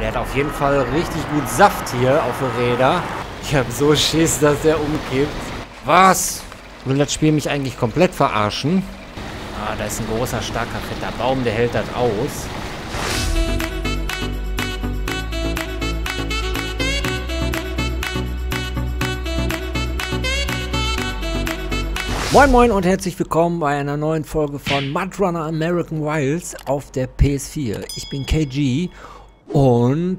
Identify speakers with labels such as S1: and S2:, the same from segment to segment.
S1: der hat auf jeden Fall richtig gut Saft hier auf den Räder. Ich habe so Schiss, dass der umkippt. Was? Will das Spiel mich eigentlich komplett verarschen? Ah, da ist ein großer, starker, fetter Baum, der hält das aus. Moin Moin und herzlich willkommen bei einer neuen Folge von Mudrunner American Wilds auf der PS4. Ich bin KG und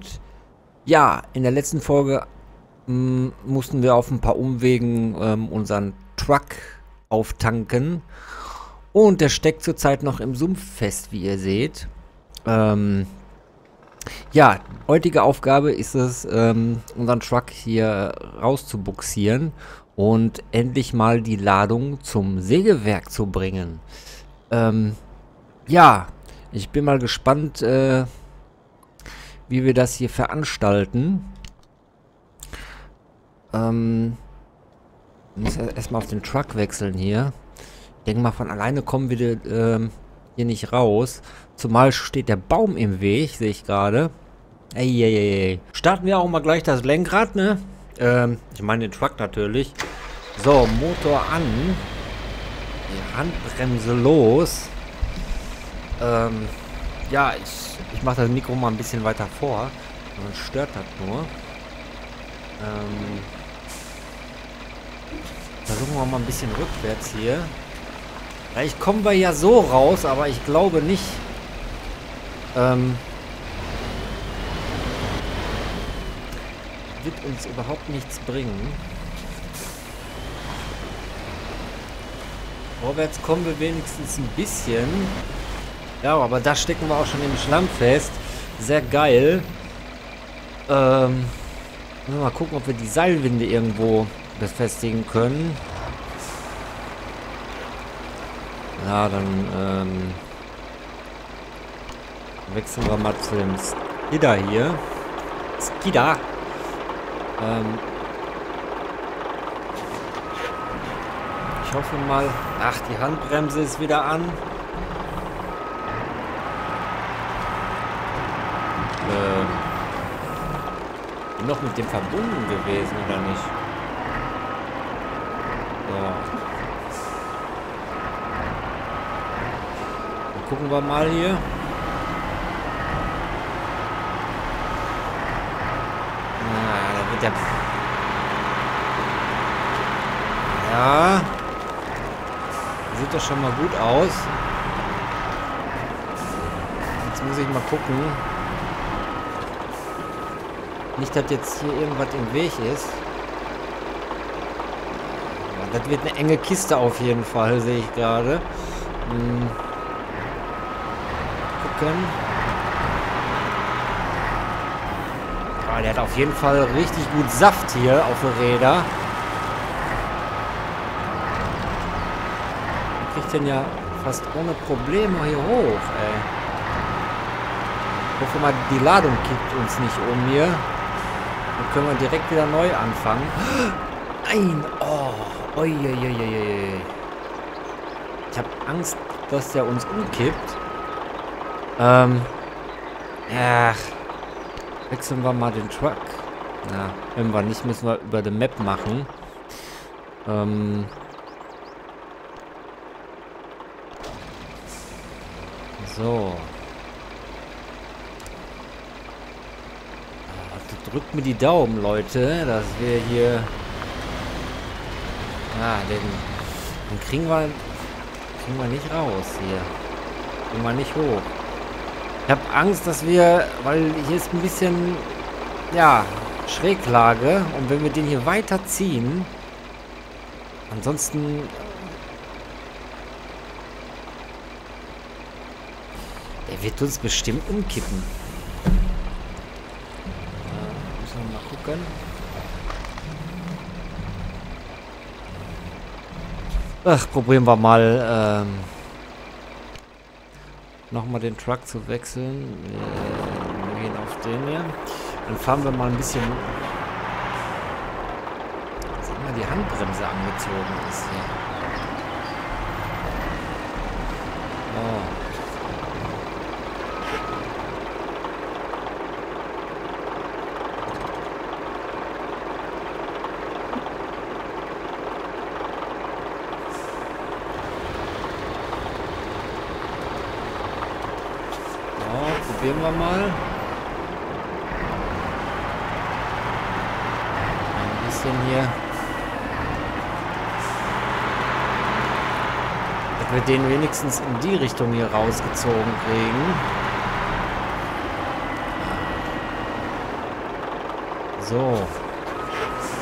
S1: ja, in der letzten Folge mm, mussten wir auf ein paar Umwegen ähm, unseren Truck auftanken. Und der steckt zurzeit noch im Sumpf fest, wie ihr seht. Ähm, ja, heutige Aufgabe ist es, ähm, unseren Truck hier rauszubuxieren und endlich mal die Ladung zum Sägewerk zu bringen. Ähm, ja, ich bin mal gespannt, äh, wie wir das hier veranstalten. Ähm, muss erstmal auf den Truck wechseln hier. Ich denke mal, von alleine kommen wir ähm, hier nicht raus. Zumal steht der Baum im Weg, sehe ich gerade. Eieiei. Starten wir auch mal gleich das Lenkrad, ne? Ähm, ich meine den Truck natürlich. So, Motor an. Die Handbremse los. Ähm, ja, ich ich mache das Mikro mal ein bisschen weiter vor. Man stört das nur. Ähm, versuchen wir mal ein bisschen rückwärts hier. Vielleicht kommen wir ja so raus, aber ich glaube nicht. Ähm, wird uns überhaupt nichts bringen. Vorwärts kommen wir wenigstens ein bisschen. Ja, aber da stecken wir auch schon im Schlamm fest. Sehr geil. Ähm, mal gucken, ob wir die Seilwinde irgendwo befestigen können. Ja, dann ähm, wechseln wir mal zu dem Skida hier. Skida. Ähm, ich hoffe mal... Ach, die Handbremse ist wieder an. noch mit dem verbunden gewesen, oder nicht? Ja. Dann gucken wir mal hier. Na, da wird der... Ja. Sieht das schon mal gut aus. Jetzt muss ich mal gucken. Nicht, dass jetzt hier irgendwas im Weg ist. Ja, das wird eine enge Kiste auf jeden Fall, sehe ich gerade. Hm. Gucken. Ah, der hat auf jeden Fall richtig gut Saft hier auf den Räder. Man kriegt den ja fast ohne Probleme hier hoch, ey. Ich hoffe mal, die Ladung kippt uns nicht um hier können wir direkt wieder neu anfangen. Nein! Oh! Uiuiuiui. Ich habe Angst, dass der uns umkippt. Ähm. Ach. Wechseln wir mal den Truck. Na, wenn wir nicht, müssen wir über die Map machen. Ähm. So. Drückt mir die Daumen, Leute, dass wir hier... Ah, den, den kriegen wir... Kriegen wir nicht raus hier. Kriegen wir nicht hoch. Ich habe Angst, dass wir... Weil hier ist ein bisschen... Ja, Schräglage. Und wenn wir den hier weiterziehen... Ansonsten... Der wird uns bestimmt umkippen. gucken. Ach, probieren wir mal ähm, nochmal den Truck zu wechseln. Wir gehen auf den hier. Dann fahren wir mal ein bisschen. Sag mal, die Handbremse angezogen ist hier. Oh. fotografieren wir mal. Ein bisschen hier. Dass wir den wenigstens in die Richtung hier rausgezogen kriegen. So.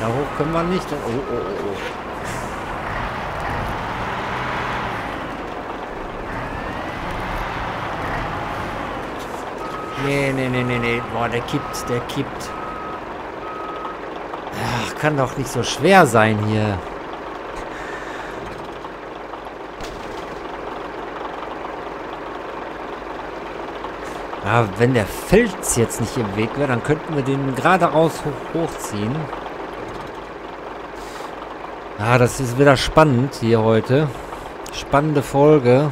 S1: Da hoch können wir nicht. Oh, oh, oh. oh. Nee, nee, nee, nee, nee. Boah, der kippt, der kippt. Ach, kann doch nicht so schwer sein hier. Ah, wenn der Fels jetzt nicht im Weg wäre, dann könnten wir den geradeaus hoch, hochziehen. Ah, das ist wieder spannend hier heute. Spannende Folge.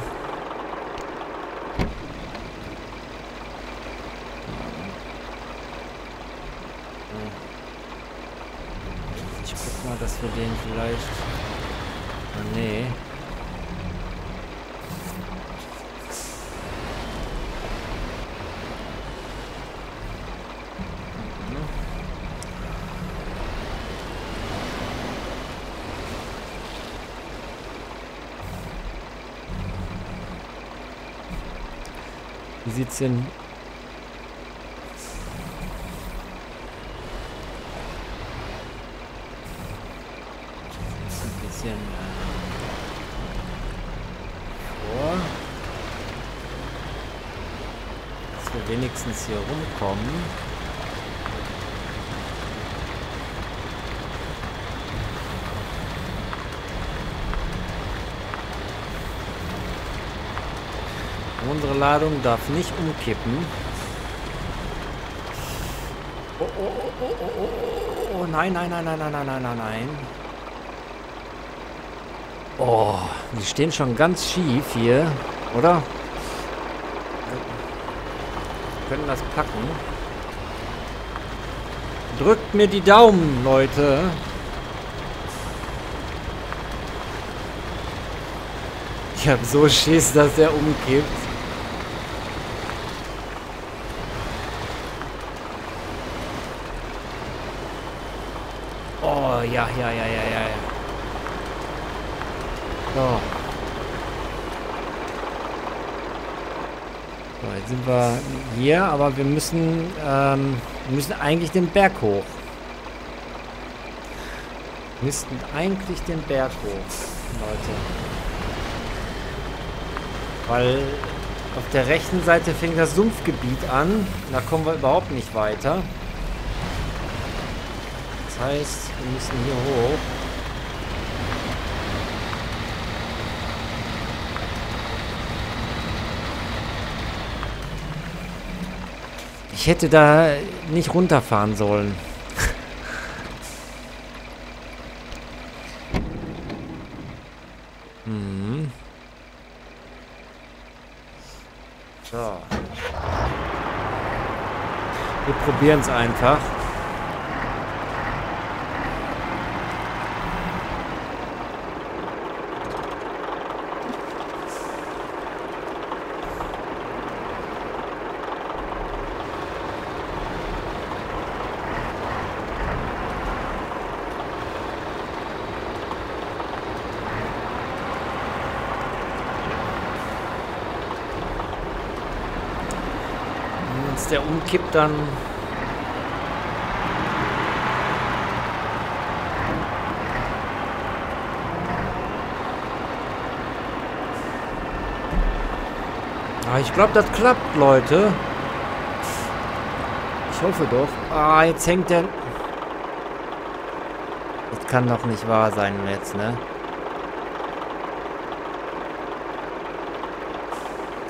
S1: Sinn. Ein bisschen äh, vor. Dass wir wenigstens hier rumkommen. Unsere Ladung darf nicht umkippen. Oh, oh, oh, oh, oh, oh, oh, oh nein, nein, nein, nein, nein, nein, nein, nein. Oh, die stehen schon ganz schief hier, oder? Wir können das packen. Drückt mir die Daumen, Leute. Ich hab so Schiss, dass er umkippt. sind wir hier, aber wir müssen, ähm, wir müssen eigentlich den Berg hoch. Wir müssten eigentlich den Berg hoch, Leute. Weil auf der rechten Seite fängt das Sumpfgebiet an. Da kommen wir überhaupt nicht weiter. Das heißt, wir müssen hier hoch. Ich hätte da nicht runterfahren sollen. hm. So. Wir probieren es einfach. Wenn der umkippt, dann... Ah, ich glaube, das klappt, Leute. Ich hoffe doch. Ah, jetzt hängt der... Das kann doch nicht wahr sein jetzt, ne?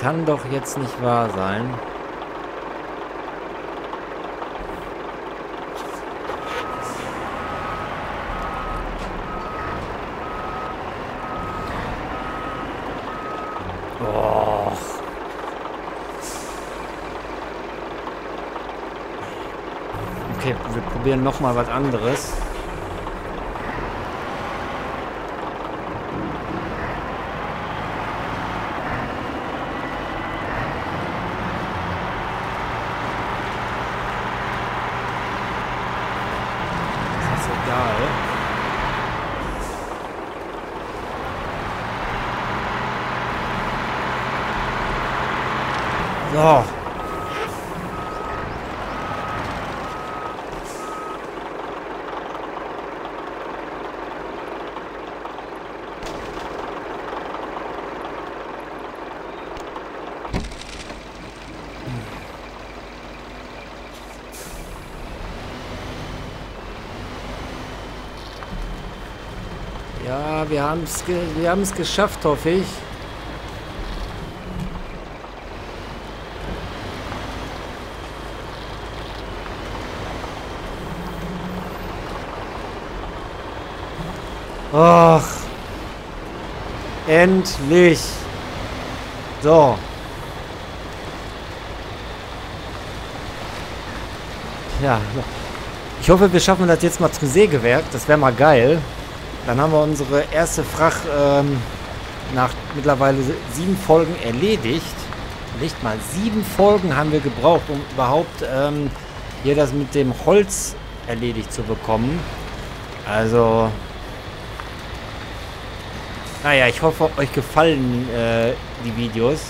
S1: Kann doch jetzt nicht wahr sein. hier nochmal was anderes. Oh. Wir haben es ge geschafft, hoffe ich. Ach. Endlich. So. Ja. Ich hoffe, wir schaffen das jetzt mal zum Sägewerk. Das wäre mal geil. Dann haben wir unsere erste Fracht ähm, nach mittlerweile sieben Folgen erledigt. Nicht mal sieben Folgen haben wir gebraucht, um überhaupt ähm, hier das mit dem Holz erledigt zu bekommen. Also, naja, ich hoffe, euch gefallen äh, die Videos,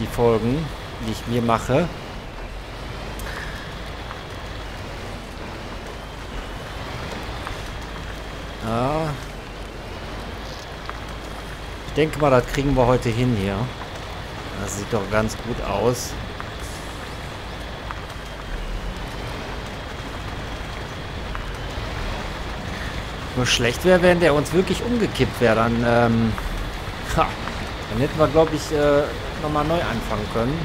S1: die Folgen, die ich mir mache. Ja. Ich denke mal, das kriegen wir heute hin hier. Das sieht doch ganz gut aus. Nur schlecht wäre, wenn der uns wirklich umgekippt wäre. Dann, ähm, ha, dann hätten wir, glaube ich, äh, nochmal neu anfangen können.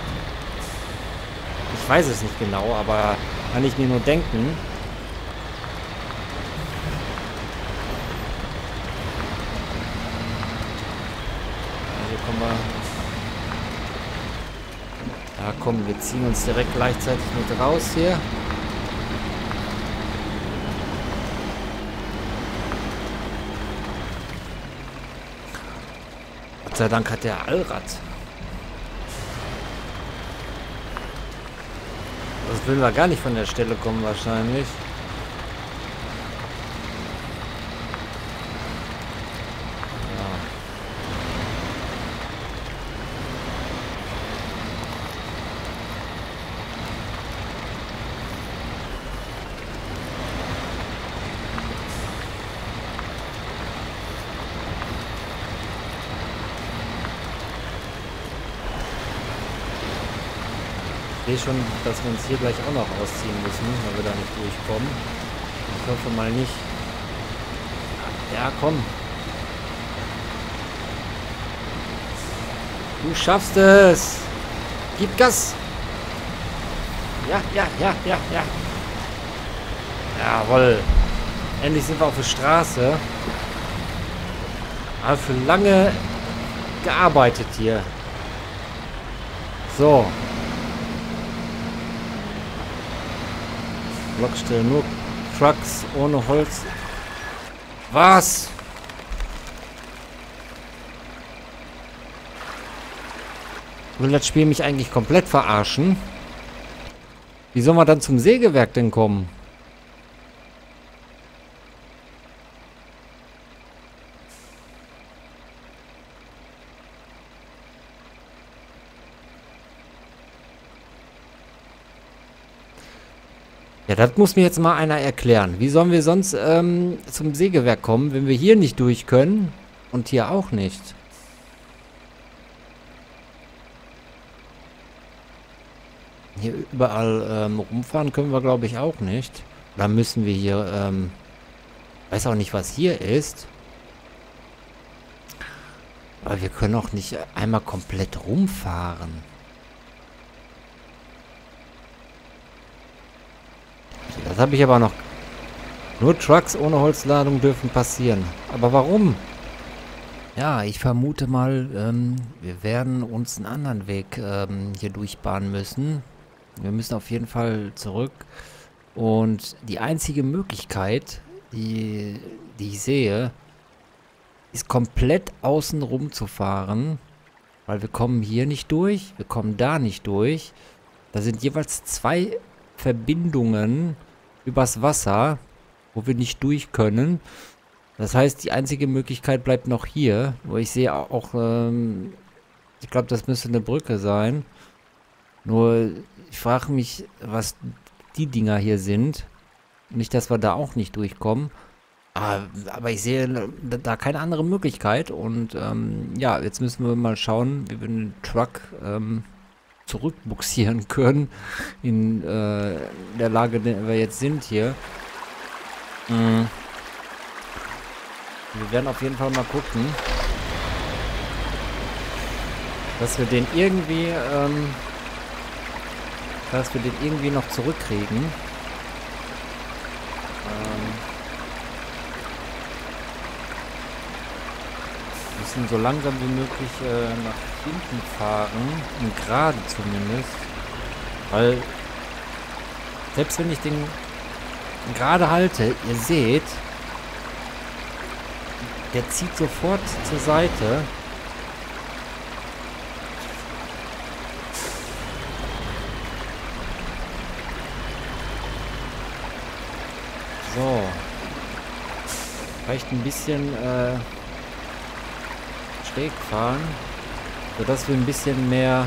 S1: Ich weiß es nicht genau, aber kann ich mir nur denken. aber... Ja komm, wir ziehen uns direkt gleichzeitig mit raus hier. Gott sei Dank hat der Allrad. Das will wir gar nicht von der Stelle kommen wahrscheinlich. sehe schon, dass wir uns hier gleich auch noch ausziehen müssen, weil wir da nicht durchkommen. Ich hoffe mal nicht. Ja, komm. Du schaffst es. Gib Gas. Ja, ja, ja, ja, ja. Jawoll. Endlich sind wir auf der Straße. Aber für lange gearbeitet hier. So. Blockstelle. Nur Trucks ohne Holz. Was? Will das Spiel mich eigentlich komplett verarschen? Wie soll man dann zum Sägewerk denn kommen? Ja, das muss mir jetzt mal einer erklären. Wie sollen wir sonst ähm, zum Sägewerk kommen, wenn wir hier nicht durch können und hier auch nicht? Hier überall ähm, rumfahren können wir, glaube ich, auch nicht. Da müssen wir hier, ähm, weiß auch nicht, was hier ist. Aber wir können auch nicht einmal komplett rumfahren. Das habe ich aber noch... Nur Trucks ohne Holzladung dürfen passieren. Aber warum? Ja, ich vermute mal, ähm, wir werden uns einen anderen Weg ähm, hier durchbahnen müssen. Wir müssen auf jeden Fall zurück. Und die einzige Möglichkeit, die, die ich sehe, ist komplett außen rum zu fahren. Weil wir kommen hier nicht durch, wir kommen da nicht durch. Da sind jeweils zwei Verbindungen übers Wasser, wo wir nicht durch können. Das heißt, die einzige Möglichkeit bleibt noch hier, wo ich sehe auch, ähm, ich glaube, das müsste eine Brücke sein. Nur, ich frage mich, was die Dinger hier sind. Nicht, dass wir da auch nicht durchkommen. Ah, aber, ich sehe ne, da keine andere Möglichkeit. Und ähm, ja, jetzt müssen wir mal schauen, wie wir den Truck ähm, zurückbuxieren können in äh, der Lage, in der wir jetzt sind hier. Mhm. Wir werden auf jeden Fall mal gucken, dass wir den irgendwie, ähm, dass wir den irgendwie noch zurückkriegen. müssen so langsam wie möglich äh, nach hinten fahren. Und gerade zumindest. Weil selbst wenn ich den gerade halte, ihr seht, der zieht sofort zur Seite. So. Vielleicht ein bisschen äh, schräg fahren, sodass wir ein bisschen mehr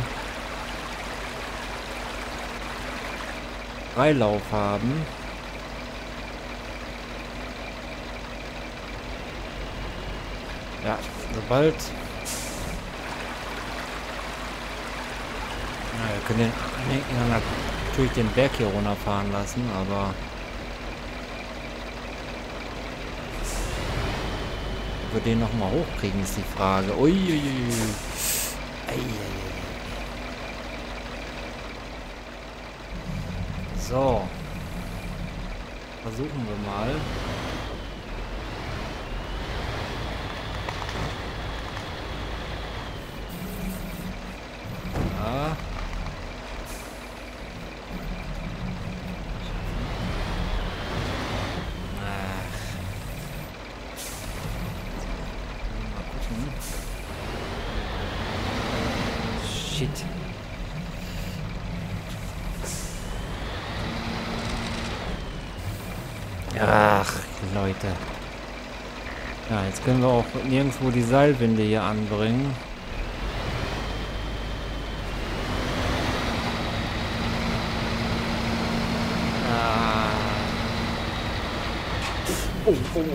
S1: Freilauf haben. Ja, sobald... Ja, wir können den natürlich den Berg hier runterfahren lassen, aber... wir den nochmal hochkriegen, ist die Frage. Uiuiui. So. Versuchen wir mal. Jetzt können wir auch nirgendwo die Seilwinde hier anbringen. Ah. Oh oh, oh, oh, oh,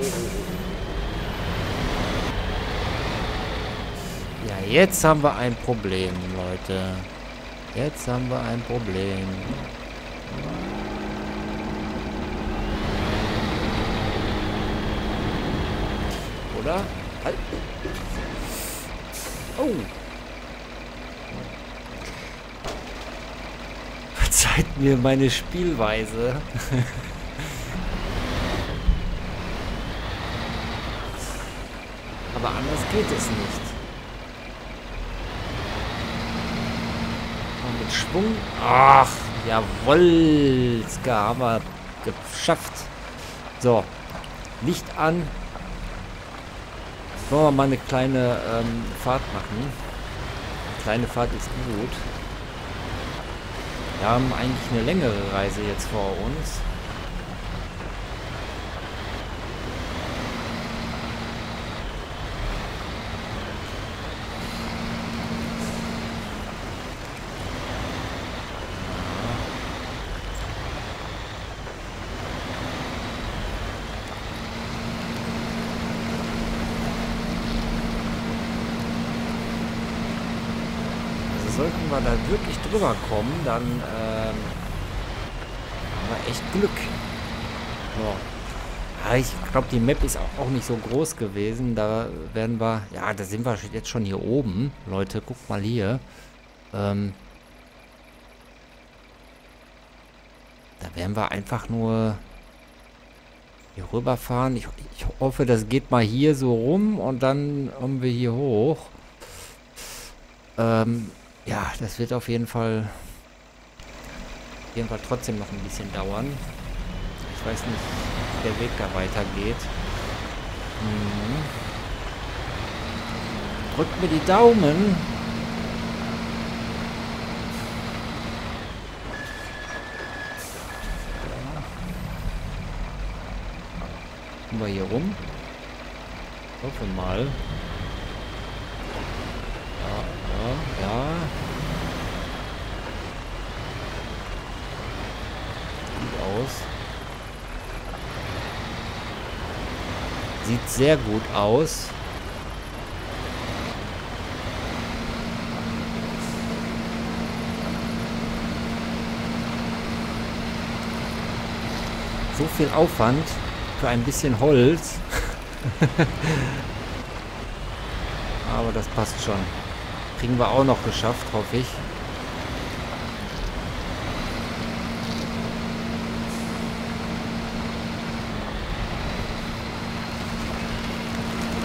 S1: ja, jetzt haben wir ein Problem, Leute. Jetzt haben wir ein Problem. oder? Halt. Oh. Verzeiht mir meine Spielweise. Aber anders geht es nicht. Und mit Schwung. Ach, jawoll. Ska haben wir geschafft. So. Licht an. Wollen wir mal eine kleine ähm, Fahrt machen. Eine kleine Fahrt ist gut. Wir haben eigentlich eine längere Reise jetzt vor uns. sollten wir da wirklich drüber kommen, dann ähm, haben wir echt Glück. So. Ja, ich glaube, die Map ist auch, nicht so groß gewesen. Da werden wir... Ja, da sind wir jetzt schon hier oben. Leute, guckt mal hier. Ähm, da werden wir einfach nur hier rüberfahren. Ich, ich hoffe, das geht mal hier so rum und dann kommen wir hier hoch. Ähm, ja, das wird auf jeden Fall auf jeden Fall trotzdem noch ein bisschen dauern. Ich weiß nicht, wie der Weg da weitergeht. Mhm. Drückt mir die Daumen. Kommen wir hier rum? Ich hoffe mal. Ja, ja, ja. Sieht sehr gut aus. So viel Aufwand für ein bisschen Holz. Aber das passt schon. Kriegen wir auch noch geschafft, hoffe ich.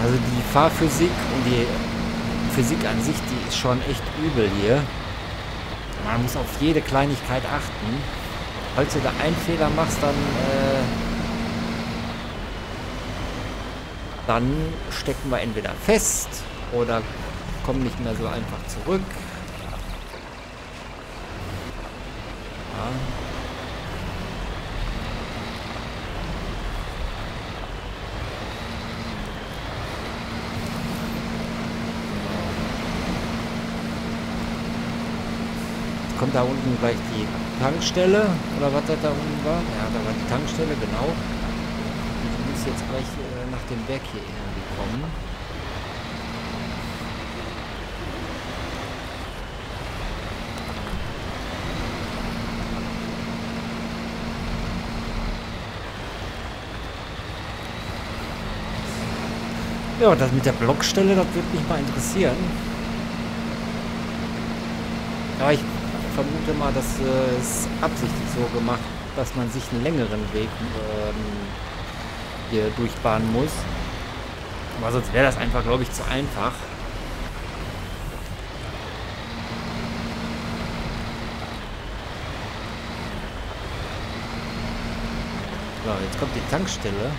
S1: Also die Fahrphysik und die Physik an sich, die ist schon echt übel hier. Man muss auf jede Kleinigkeit achten. Falls du da einen Fehler machst, dann, äh, dann stecken wir entweder fest oder kommen nicht mehr so einfach zurück. kommt da unten gleich die Tankstelle, oder was das da unten war? Ja, da war die Tankstelle, genau. Ich muss jetzt gleich äh, nach dem Berg hier irgendwie kommen. Ja, das mit der Blockstelle, das würde mich mal interessieren. Ja, ich vermute mal, dass äh, es absichtlich so gemacht, dass man sich einen längeren Weg ähm, hier durchbahnen muss. Aber sonst wäre das einfach, glaube ich, zu einfach. So, jetzt kommt die Tankstelle.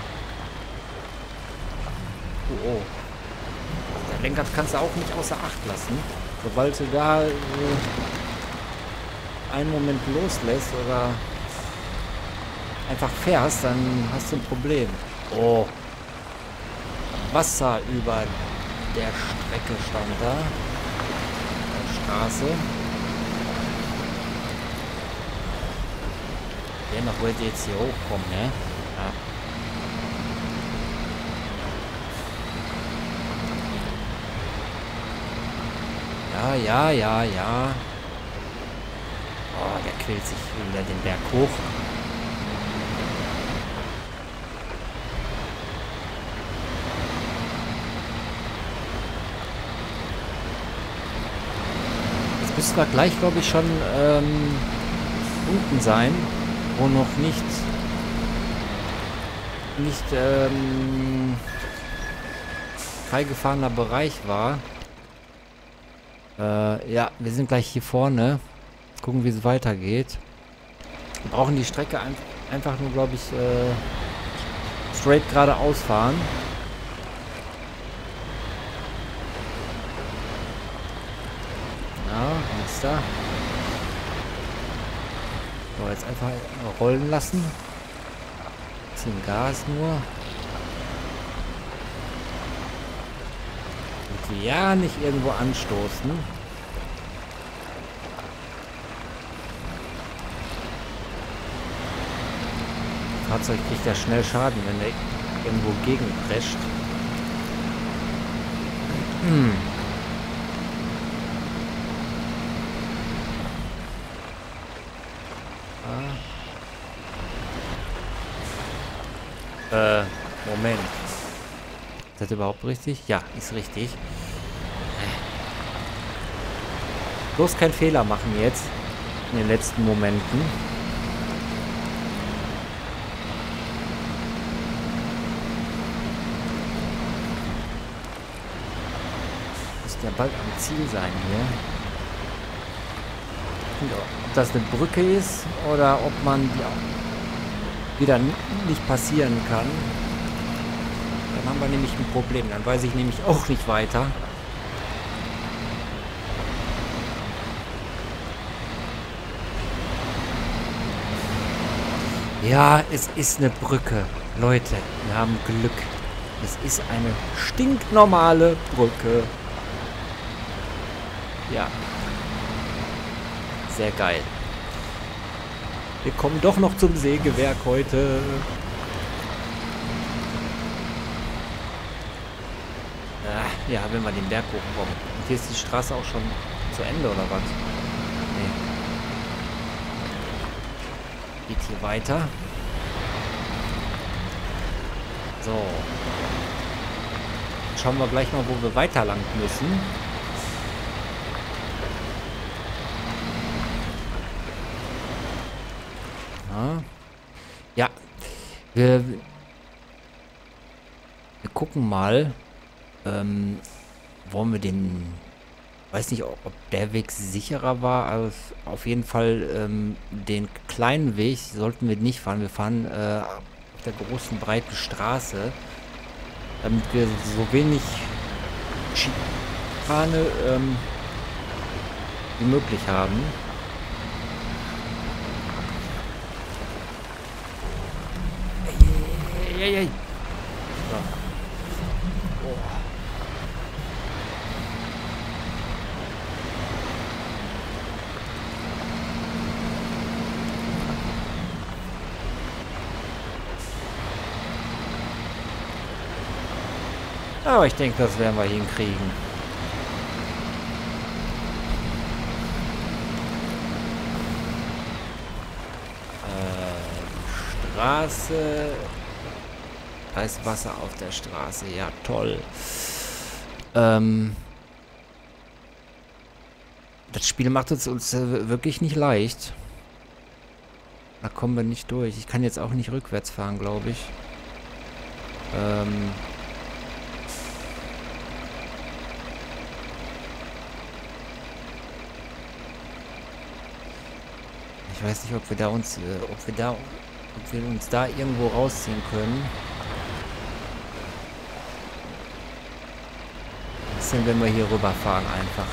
S1: Oh, oh. Der Lenkrad kannst du auch nicht außer Acht lassen. Sobald du da äh, einen Moment loslässt oder einfach fährst, dann hast du ein Problem. Oh. Wasser über der Strecke stand da. Der Straße. Dennoch wollte jetzt hier hochkommen, ne? Ja. Ja, ja, ja, ja quält sich wieder den Berg hoch. Jetzt müssen wir gleich, glaube ich, schon ähm, unten sein, wo noch nicht nicht ähm, freigefahrener Bereich war. Äh, ja, wir sind gleich hier vorne gucken, wie es weitergeht. Wir brauchen die Strecke ein einfach nur, glaube ich, äh, straight geradeaus fahren. Na, nichts da. So, jetzt einfach rollen lassen. Bisschen Gas nur. Und ja, nicht irgendwo anstoßen. Fahrzeug kriegt ja schnell Schaden, wenn er irgendwo gegenprescht. Hm. Ah. Äh, Moment. Ist das überhaupt richtig? Ja, ist richtig. Bloß keinen Fehler machen jetzt. In den letzten Momenten. ja bald am Ziel sein hier. ob das eine Brücke ist oder ob man die wieder nicht passieren kann. Dann haben wir nämlich ein Problem. Dann weiß ich nämlich auch nicht weiter. Ja, es ist eine Brücke. Leute, wir haben Glück. Es ist eine stinknormale Brücke. Ja. Sehr geil. Wir kommen doch noch zum Sägewerk heute. Ah, ja, wenn wir den Berg hochkommen. Und hier ist die Straße auch schon zu Ende, oder was? Nee. Geht hier weiter. So. Jetzt schauen wir gleich mal, wo wir weiter lang müssen. Ja. ja. Wir, wir gucken mal. Ähm, wollen wir den... Weiß nicht, ob der Weg sicherer war, aber auf jeden Fall ähm, den kleinen Weg sollten wir nicht fahren. Wir fahren äh, auf der großen, breiten Straße, damit wir so wenig Schikane ähm, wie möglich haben. Eieiei. Ei, ei. Aber ich denke, das werden wir hinkriegen. Äh, Straße als Wasser auf der Straße. Ja, toll. Ähm, das Spiel macht es uns äh, wirklich nicht leicht. Da kommen wir nicht durch. Ich kann jetzt auch nicht rückwärts fahren, glaube ich. Ähm... Ich weiß nicht, ob wir da uns, äh, ob wir da, ob wir uns da irgendwo rausziehen können. wechseln, wenn wir hier rüberfahren einfach.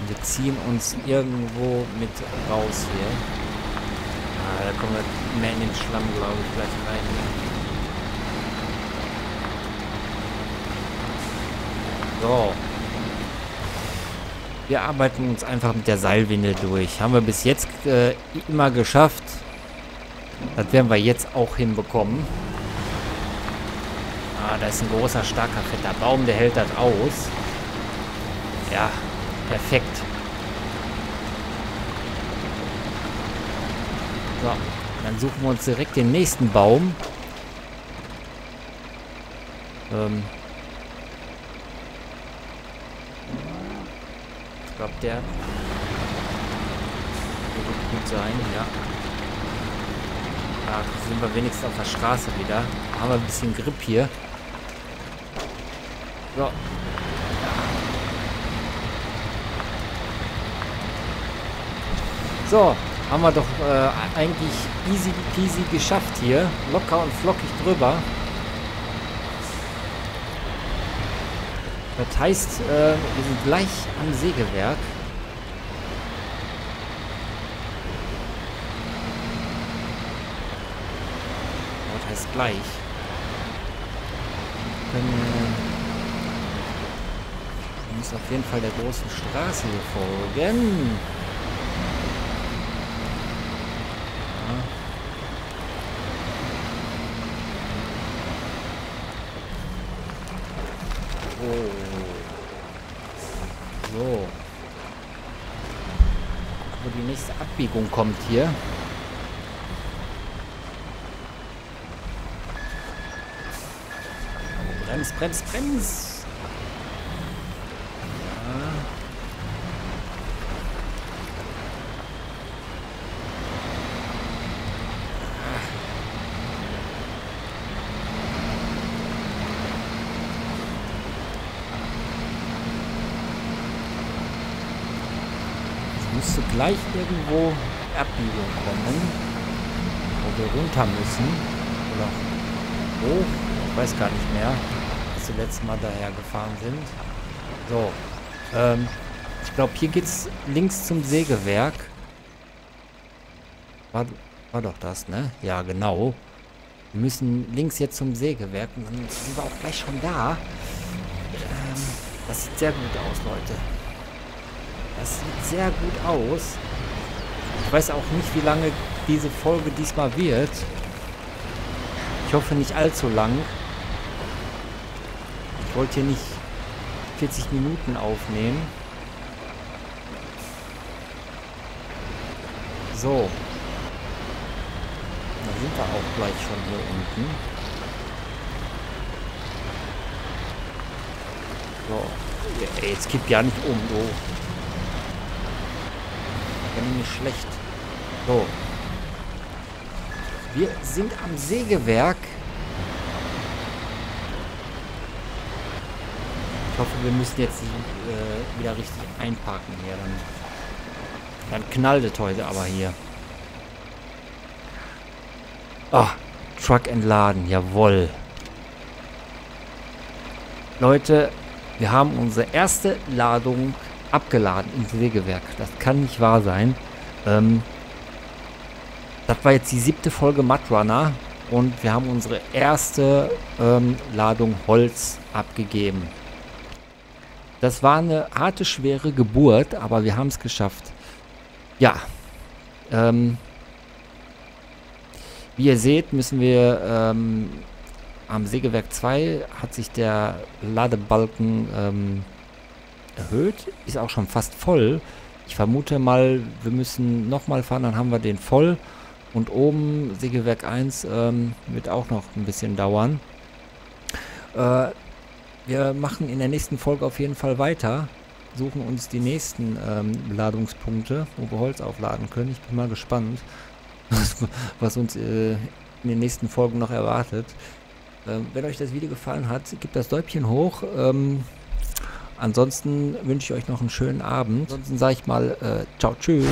S1: Und wir ziehen uns irgendwo mit raus hier. Ah, da kommen wir mehr in den Schlamm, glaube ich, gleich rein. So. Wir arbeiten uns einfach mit der Seilwinde durch. Haben wir bis jetzt äh, immer geschafft. Das werden wir jetzt auch hinbekommen. Ah, da ist ein großer, starker, fetter Baum. Der hält das aus. Ja, perfekt. So, dann suchen wir uns direkt den nächsten Baum. Ähm. Ich glaube, der wird gut sein, ja. Ja, ah, sind wir wenigstens auf der Straße wieder. Haben wir ein bisschen Grip hier. So. So, haben wir doch äh, eigentlich easy peasy geschafft hier. Locker und flockig drüber. Das heißt, äh, wir sind gleich am Sägewerk. gleich. Wir äh, müssen auf jeden Fall der großen Straße hier folgen. Oh. Wo die nächste Abbiegung kommt hier. Brems, brems, brems. Ja. müsste gleich irgendwo Abbiegung kommen, wo wir runter müssen. Oder hoch weiß gar nicht mehr, als wir letztes Mal daher gefahren sind. So. Ähm, ich glaube, hier geht's links zum Sägewerk. War, war doch das, ne? Ja, genau. Wir müssen links jetzt zum Sägewerk und dann sind wir auch gleich schon da. Ähm, das sieht sehr gut aus, Leute. Das sieht sehr gut aus. Ich weiß auch nicht, wie lange diese Folge diesmal wird. Ich hoffe nicht allzu lang wollte hier nicht 40 Minuten aufnehmen. So. Da sind wir auch gleich schon hier unten. So. Ey, jetzt kippt ja nicht um. So. Ja, nicht schlecht. So. Wir sind am Sägewerk. Ich hoffe, wir müssen jetzt äh, wieder richtig einparken hier. Dann, dann knallt es heute aber hier. Ah, Truck entladen, jawoll. Leute, wir haben unsere erste Ladung abgeladen ins Sägewerk. Das kann nicht wahr sein. Ähm, das war jetzt die siebte Folge Mudrunner und wir haben unsere erste ähm, Ladung Holz abgegeben. Das war eine harte, schwere Geburt, aber wir haben es geschafft. Ja. Ähm, wie ihr seht, müssen wir ähm, am Sägewerk 2 hat sich der Ladebalken ähm, erhöht. Ist auch schon fast voll. Ich vermute mal, wir müssen nochmal fahren, dann haben wir den voll. Und oben, Sägewerk 1, ähm, wird auch noch ein bisschen dauern. Äh, wir machen in der nächsten Folge auf jeden Fall weiter. Suchen uns die nächsten ähm, Ladungspunkte, wo wir Holz aufladen können. Ich bin mal gespannt, was, was uns äh, in den nächsten Folgen noch erwartet. Ähm, wenn euch das Video gefallen hat, gebt das Däubchen hoch. Ähm, ansonsten wünsche ich euch noch einen schönen Abend. Ansonsten sage ich mal, äh, ciao, tschüss.